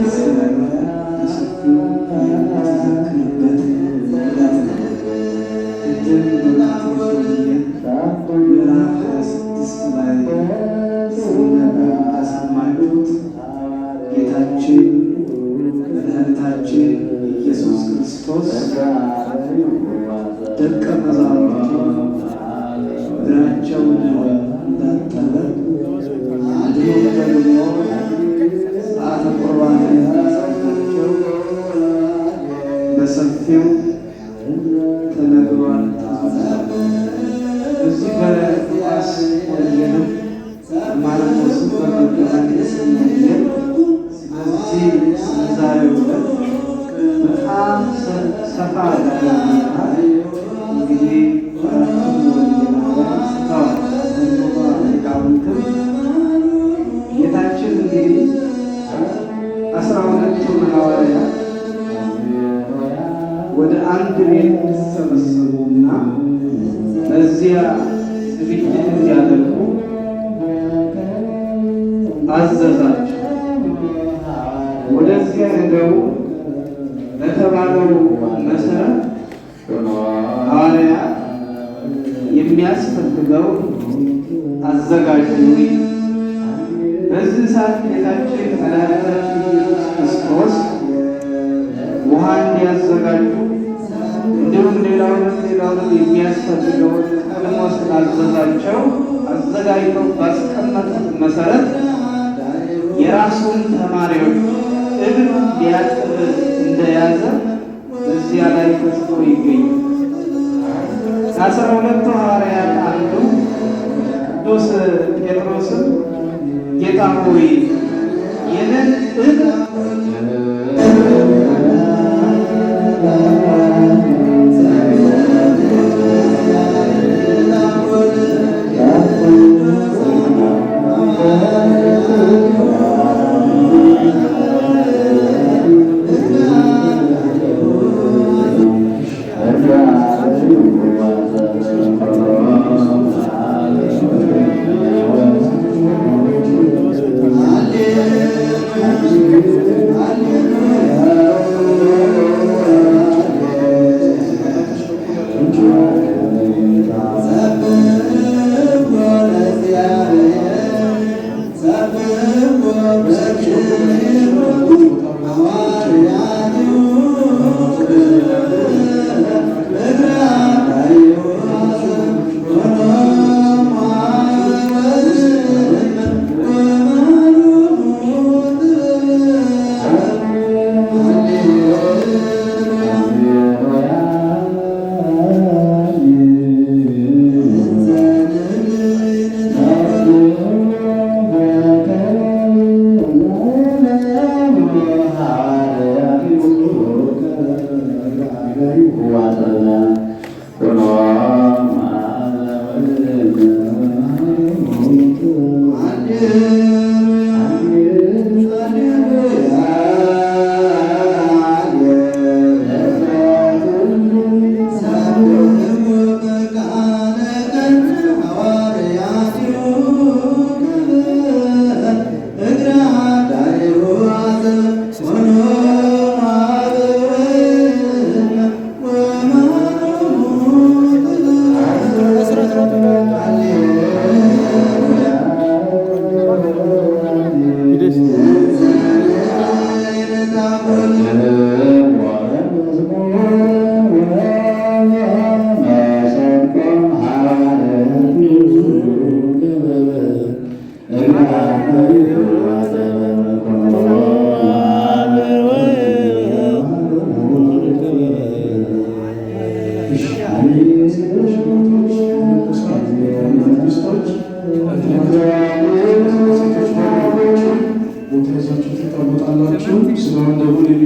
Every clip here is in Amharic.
you. አንድ ቤት እንድትሰበሰቡና በዚያ ዝግጅት እንዲያደርጉ አዘዛቸው። ወደዚያ ሄደው በተባለው መሰረት ሐዋርያ የሚያስፈልገው አዘጋጁ። በዚህ ሰዓት ጌታችን መድኃኒታችን ኢየሱስ ክርስቶስ ውሃ እንዲያዘጋጁ ሌላውን ሌላውን የሚያስፈልገውን ቀድሞ ስላዘዛቸው አዘጋጅተው ባስቀመጡት መሰረት የራሱን ተማሪዎች እግር ሊያጥብ እንደያዘ እዚያ ላይ ተጽፎ ይገኛል። ከአስራ ሁለቱ ሐዋርያት አንዱ ቅዱስ ጴጥሮስም ጌታ ሆይ ይህንን እግር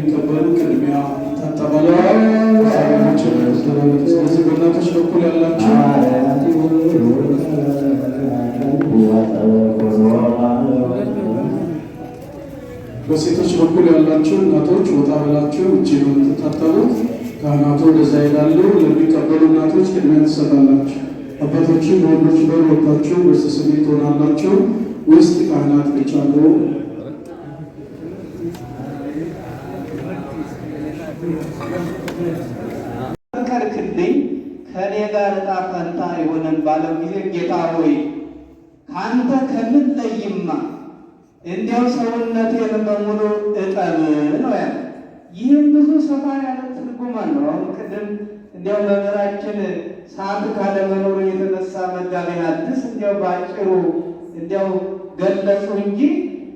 የሚቀበሉ ቅድሚያ ይታጠባሉ። በእናቶች በኩል ያላቸው በሴቶች በኩል ያላችሁ እናቶች ወጣ ብላችሁ እጅ ነው የምትታጠቡት። ካህናቱ ወደዛ ይላሉ። ለሚቀበሉ እናቶች ቅድሚያ ትሰጣላችሁ። አባቶችን በወንዶች በር ወጥታችሁ በስተስሜ ትሆናላችሁ። ውስጥ ካህናት ብቻ ነው መከርክልኝ ከእኔ ጋር ዕጣ ፈንታ የሆነን ባለው ጊዜ ጌታ ሆይ ከአንተ ከምንለይማ እንዲያው ሰውነቴን በሙሉ እጠብ ነው ያለ። ይህም ብዙ ሰፋ ያለ ትርጉም አለው። አሁን ቅድም እንዲያው መምህራችን ሰዓት ካለመኖሩ የተነሳ መጋቤ ሐዲስ እንዲያው በአጭሩ እንዲያው ገለጹ እንጂ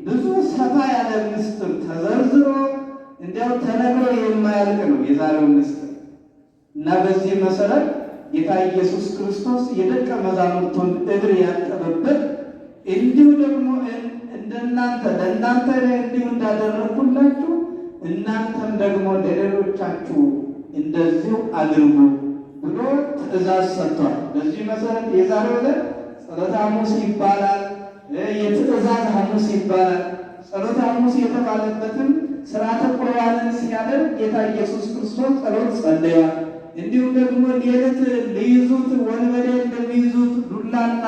ብዙ ሰፋ ያለ ምስጢር ተዘርዝሮ እንዲያው ተነግሮ የማያልቅ ነው የዛሬው ምስጢር እና በዚህ መሰረት ጌታ ኢየሱስ ክርስቶስ የደቀ መዛሙርቱን እግር ያጠበበት እንዲሁ ደግሞ እንደናንተ ለእናንተ እንዲሁ እንዳደረግኩላችሁ እናንተም ደግሞ ለሌሎቻችሁ እንደዚሁ አድርጉ ብሎ ትእዛዝ ሰጥቷል። በዚህ መሰረት የዛሬው ዕለት ጸሎተ ሐሙስ ይባላል። የትእዛዝ ሐሙስ ይባላል። ጸሎተ ሐሙስ የተባለበትም ስርዓተ ቁርባንን ሲያደርግ ጌታ ኢየሱስ ክርስቶስ ጸሎት ጸለያል። እንዲሁም ደግሞ ሌሊት ሊይዙት ወንበዴ እንደሚይዙት ዱላና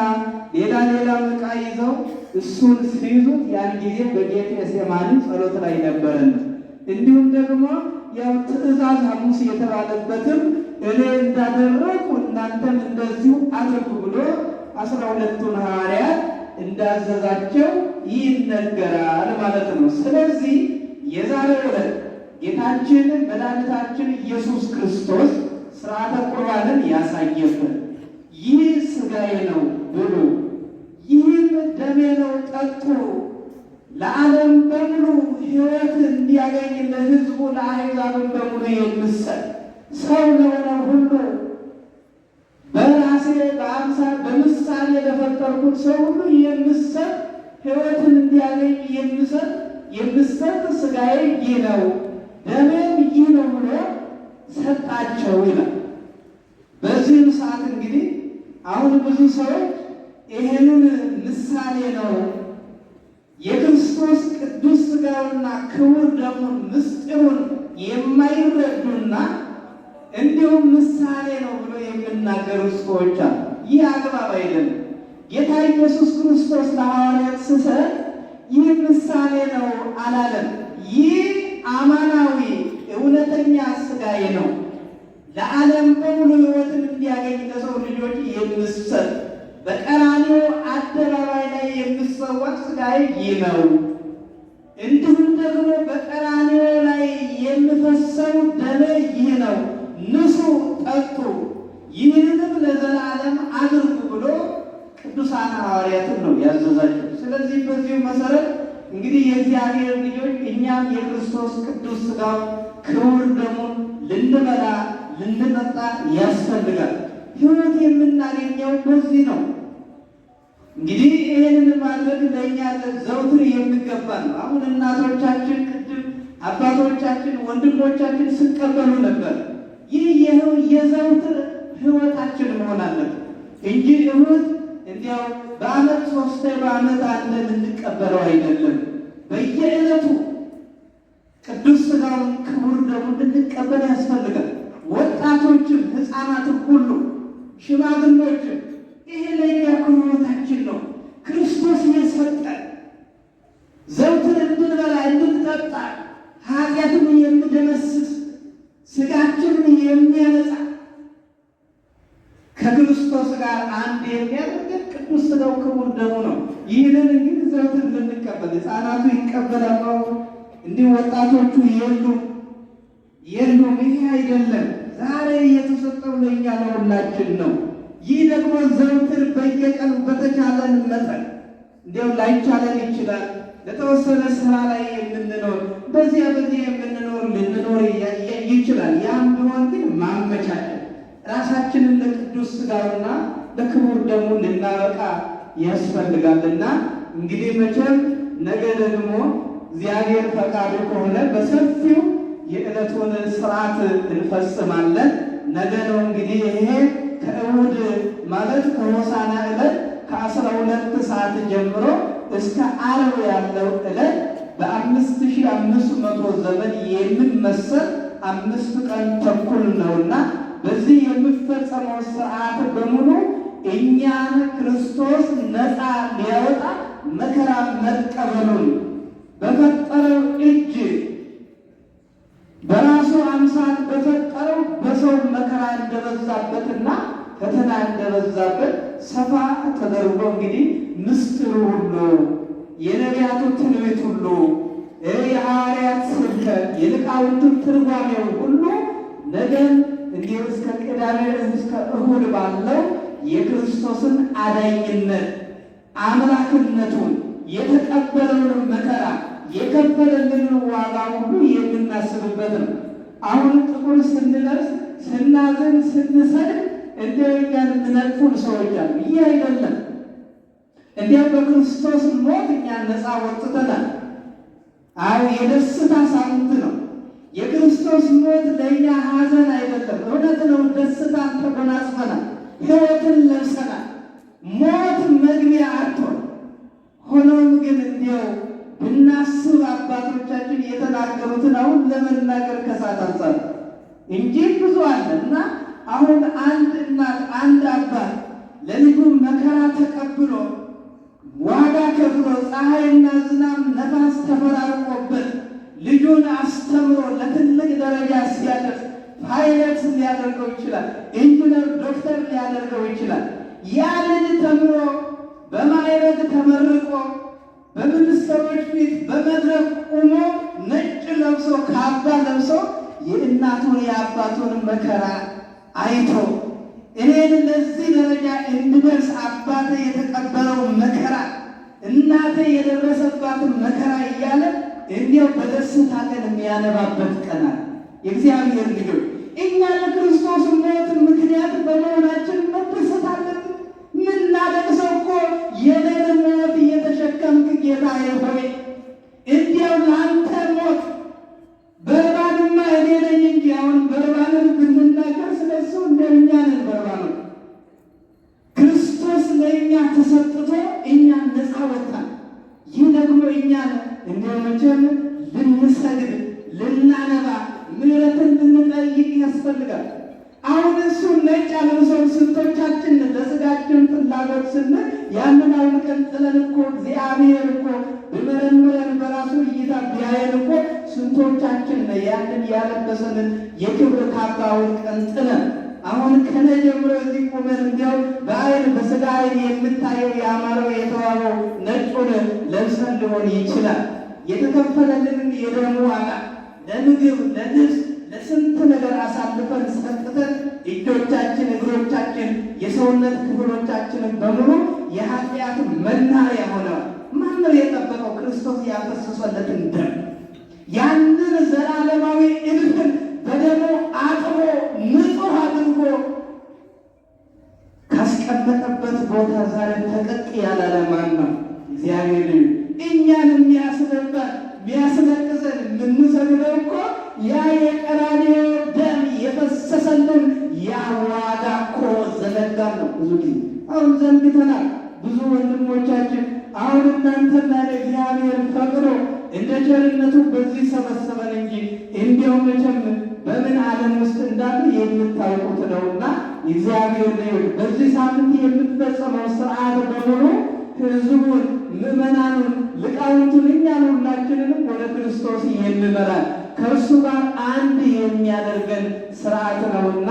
ሌላ ሌላ ዕቃ ይዘው እሱን ሲይዙት ያን ጊዜ በጌቴ ሴማኒ ጸሎት ላይ ነበረን። እንዲሁም ደግሞ ያው ትእዛዝ ሐሙስ የተባለበትም እኔ እንዳደረግኩ እናንተም እንደዚሁ አድርጉ ብሎ አስራ ሁለቱን ሐዋርያት እንዳዘዛቸው ይነገራል ማለት ነው። ስለዚህ የዛሬ ዕለት ጌታችንን መድኃኒታችን ኢየሱስ ክርስቶስ ስርዓተ ቁርባንን ያሳየበት ይህ ሥጋዬ ነው ብሉ፣ ይህም ደሜ ነው ጠጡ፣ ለዓለም በሙሉ ሕይወት እንዲያገኝ ለሕዝቡ ለአሕዛብም በሙሉ የምሰጥ ሰው ለሆነ ሁሉ በራሴ በአምሳል በምሳሌ ለፈጠርኩት ሰው ሁሉ የምሰጥ ሕይወትን እንዲያገኝ የምሰጥ የምሰጥ ስጋዬ ይህ ነው፣ ደሜም ይህ ነው ብሎ ሰጣቸው ይላል። በዚህም ሰዓት እንግዲህ አሁን ብዙ ሰዎች ይህንን ምሳሌ ነው የክርስቶስ ቅዱስ ስጋውና ክቡር ደሙን ምስጢሩን የማይረዱና እንዲሁም ምሳሌ ነው ብሎ የምናገሩ ሰዎች አሉ። ይህ አግባብ አይደለም። ጌታ ኢየሱስ ክርስቶስ ለሐዋርያት ስሰት ይህ ምሳሌ ነው አላለም። ይህ አማናዊ እውነተኛ ስጋዬ ነው ለዓለም በሙሉ ህይወትን እንዲያገኝ ለሰው ልጆች የምሰጥ በቀራኒው አደባባይ ላይ የምሰዋት ስጋዬ ይህ ነው የክርስቶስ ቅዱስ ሥጋው ክቡር ደሙን ልንበላ ልንጠጣ ያስፈልጋል። ሕይወት የምናገኘው በዚህ ነው። እንግዲህ ይህንን ማድረግ ለእኛ ዘውትር የሚገባ ነው። አሁን እናቶቻችን፣ ቅድም አባቶቻችን፣ ወንድሞቻችን ስቀበሉ ነበር። ይህ ይኸው የዘውትር ሕይወታችን መሆን አለበት እንጂ እሁድ እንዲያው በዓመት ሶስተ በዓመት አንድ ልንቀበለው አይደለም። በየዕለቱ ቅዱስ ሥጋውን ክቡር ደሙ እንድንቀበል ያስፈልጋል። ወጣቶችን፣ ሕፃናትን ሁሉ ሽማግሎችን፣ ይሄ ለኛ ክህሎታችን ነው። ክርስቶስ እየሰጠን ዘውትን እንድንበላ እንድንጠጣ፣ ኃጢአትን የምደመስስ ስጋችንን የሚያነጻ ከክርስቶስ ጋር አንድ የሚያደርገን ቅዱስ ስጋው ክቡር ደሙ ነው። ይህንን እንግዲህ ዘውትን እንድንቀበል ሕፃናቱ ይቀበላል እንዲህ ወጣቶቹ የሉም የሉም። ይሄ አይደለም ዛሬ የተሰጠው ለእኛ ለሁላችን ነው። ይህ ደግሞ ዘውትር በየቀኑ በተቻለን መጠን እንዲያው ላይቻለን ይችላል ለተወሰነ ስራ ላይ የምንኖር በዚያ በዚያ የምንኖር ልንኖር ይችላል። ያም ቢሆን ግን ማመቻቸት ራሳችንን ለቅዱስ ስጋውና ለክቡር ደግሞ ልናበቃ ያስፈልጋልና እንግዲህ መቼም ነገ ደግሞ እግዚአብሔር ፈቃዱ ከሆነ በሰፊው የዕለቱን ስርዓት እንፈጽማለን። ነገ ነው እንግዲህ ይሄ ከእሑድ ማለት ከሆሳና ዕለት ከአስራ ሁለት ሰዓት ጀምሮ እስከ ዓርብ ያለው ዕለት በአምስት ሺ አምስት መቶ ዘመን የምንመሰል አምስት ቀን ተኩል ነውና በዚህ የምፈጸመው ስርዓት በሙሉ እኛን ክርስቶስ ነፃ ሊያወጣ መከራ መቀበሉን በፈጠረው እጅ በራሱ አምሳል በፈጠረው በሰው መከራ እንደበዛበትና ፈተና እንደበዛበት ሰፋ ተደርጎ እንግዲህ ምስጢሩ ሁሉ የነቢያቱ ትንቢት ሁሉ የሐዋርያት ስብከት የሊቃውንቱ ትርጓሜው ሁሉ ነገን እንዲሁ እስከ ቅዳሜ እስከ እሁድ ባለው የክርስቶስን አዳኝነት አምላክነቱን የተቀበለውንም መከራ የከፈለልንን ዋጋ ሁሉ የምናስብበት ነው። አሁን ጥቁር ስንለብስ፣ ስናዘን ስንሰድ እንደኛን የምትነቅፉን ሰዎች አሉ። ይህ አይደለም። እንዲያም በክርስቶስ ሞት እኛን ነፃ ወጥተናል። አዎ የደስታ ሳምንት ነው። የክርስቶስ ሞት ለእኛ ሐዘን አይደለም፣ እውነት ነው። ደስታን ተጎናጽፈናል፣ ሕይወትን ለብሰናል። ሞት መግቢያ አቶ ሆኖም ግን እንዲያው ብናስብ አባቶቻችን የተናገሩትን አሁን ለመናገር ከሳት አንጻር እንጂ ብዙ አለ እና አሁን አንድ የእናቱን የአባቱን መከራ አይቶ እኔን ለዚህ ደረጃ እንድደርስ አባቴ የተቀበለው መከራ እናቴ የደረሰባትን መከራ እያለ እንዲያው በደስታ ቀን የሚያነባበት ቀናል። የእግዚአብሔር ልጆች እኛ ለክርስቶስ ሞት ምክንያት በመሆናችን መደሰት አለብን። ምናለቅሰው እኮ የኔን ሞት እየተሸከምክ ጌታ ሆይ እንዲያው እግዚአብሔር እኮ በመረመረን በራሱ እይታ ቢያየን እኮ ስንቶቻችን ነ ያንን ያለበሰንን የክብር ካባውን ቀንጥነ አሁን ከነ ጀምሮ እዚህ ቁመን እንዲያው በአይን በስጋ አይን የምታየው የአማረው የተዋበው ነጩን ለብሰን ሊሆን ይችላል። የተከፈለልን የደሙ ዋጋ ለምግብ፣ ለልብስ፣ ለስንት ነገር አሳልፈን ሰጥተን እጆቻችን፣ እግሮቻችን፣ የሰውነት ክፍሎቻችንን በሙሉ የኃጢአት መናሪያ ሆነዋል። ማነው የጠበቀው? ክርስቶስ ያፈሰሰለትን ደም ያንን ዘላለማዊ እድፍን በደሞ አጥቦ ንጹህ አድርጎ ካስቀመጠበት ቦታ ዛሬ ተቀቅ ያላለ ማን ነው? እግዚአብሔር እኛን የሚያስነበር የሚያስለቅሰን የምንሰግደው እኮ ያ የቀራንዮ ደም የፈሰሰልን ያ ዋጋ እኮ ዘነጋን ነው። ብዙ ጊዜ አሁን ዘንግተናል። ብዙ ወንድሞቻችን አሁን እናንተና ለእግዚአብሔር ፈቅዶ እንደ ቸርነቱ በዚህ ሰበሰበን እንጂ እንዲያው መቼም በምን ዓለም ውስጥ እንዳለ የምታውቁት ነውና እግዚአብሔር ነው። በዚህ ሳምንት የምትፈጸመው ስርዓት በሆኑ ህዝቡን፣ ምዕመናኑን፣ ልቃውንቱን እኛን ሁላችንንም ወደ ክርስቶስ የሚመራል ከእርሱ ጋር አንድ የሚያደርገን ስርዓት ነውና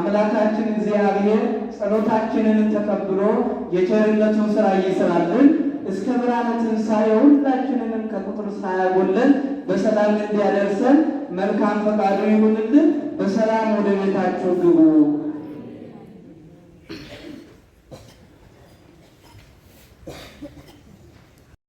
አምላካችን እግዚአብሔር ጸሎታችንን ተቀብሎ የቸርነቱን ስራ ይስራልን። እስከ ብርሃነ ትንሣኤ ሁላችንንም ከቁጥር ሳያጎለን በሰላም እንዲያደርሰን መልካም ፈቃዱ ይሁንልን። በሰላም ወደ ቤታቸው ግቡ።